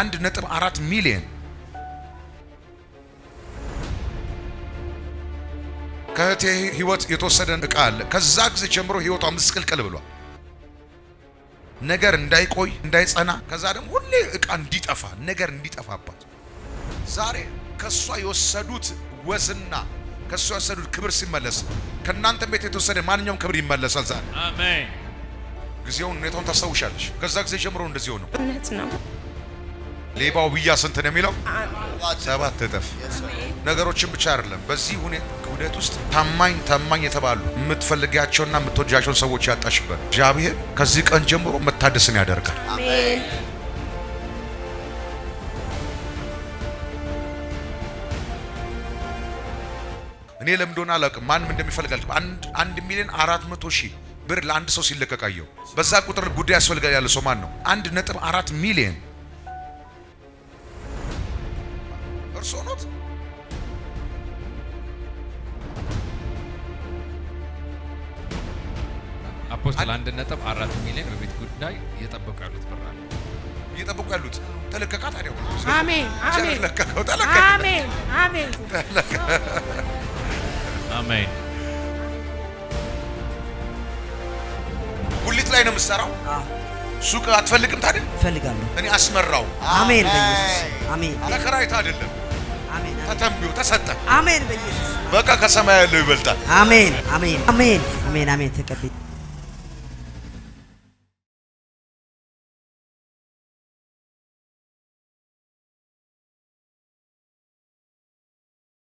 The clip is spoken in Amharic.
አንድ ነጥብ አራት ሚሊዮን ከእህቴ ህይወት የተወሰደ እቃ አለ። ከዛ ጊዜ ጀምሮ ህይወቷ ምስቅልቅል ብሏል። ነገር እንዳይቆይ እንዳይጸና፣ ከዛ ደግሞ ሁሌ እቃ እንዲጠፋ ነገር እንዲጠፋባት ዛሬ ከእሷ የወሰዱት ወዝና ከእሷ የወሰዱት ክብር ሲመለስ ከእናንተም ቤት የተወሰደ ማንኛውም ክብር ይመለሳል ዛሬ። አሜን። ጊዜውን ሁኔታውን ታስታውሻለሽ። ከዛ ጊዜ ጀምሮ እንደዚህ ሆነው እውነት ነው። ሌባው ብያ ስንት ነው የሚለው? ሰባት እጥፍ። ነገሮችን ብቻ አይደለም። በዚህ ሁኔት ውስጥ ታማኝ ታማኝ የተባሉ የምትፈልጊያቸውና የምትወጃቸውን ሰዎች ያጣሽበት እግዚአብሔር ከዚህ ቀን ጀምሮ መታደስን ያደርጋል። እኔ ለምዶና አላውቅም ማንም እንደሚፈልጋል አንድ አንድ ሚሊዮን አራት መቶ ሺህ ብር ለአንድ ሰው ሲለቀቃየው በዛ ቁጥር ጉዳይ ያስፈልጋል ያለ ሰው ማን ነው? አንድ ነጥብ አራት ሚሊዮን እርሶ ኖት? አፖስትል አንድ ነጥብ አራት ሚሊዮን በቤት ጉዳይ እየጠበቁ ያሉት ብር አለ። እየጠበቁ ያሉት ተለቀቃ። ታዲያ አሜን፣ አሜን፣ አሜን፣ አሜን፣ አሜን። ጉሊት ላይ ነው የምትሰራው? ሱቅ አትፈልግም? ታዲያ እፈልጋለሁ። እኔ አስመራው። አሜን፣ አሜን። ተከራይታ አይደለም ተተንብዮ ተሰጠ። አሜን። በኢየሱስ በቃ ከሰማይ ያለው ይበልጣል። አሜን፣ አሜን፣ አሜን፣ አሜን። ተቀበል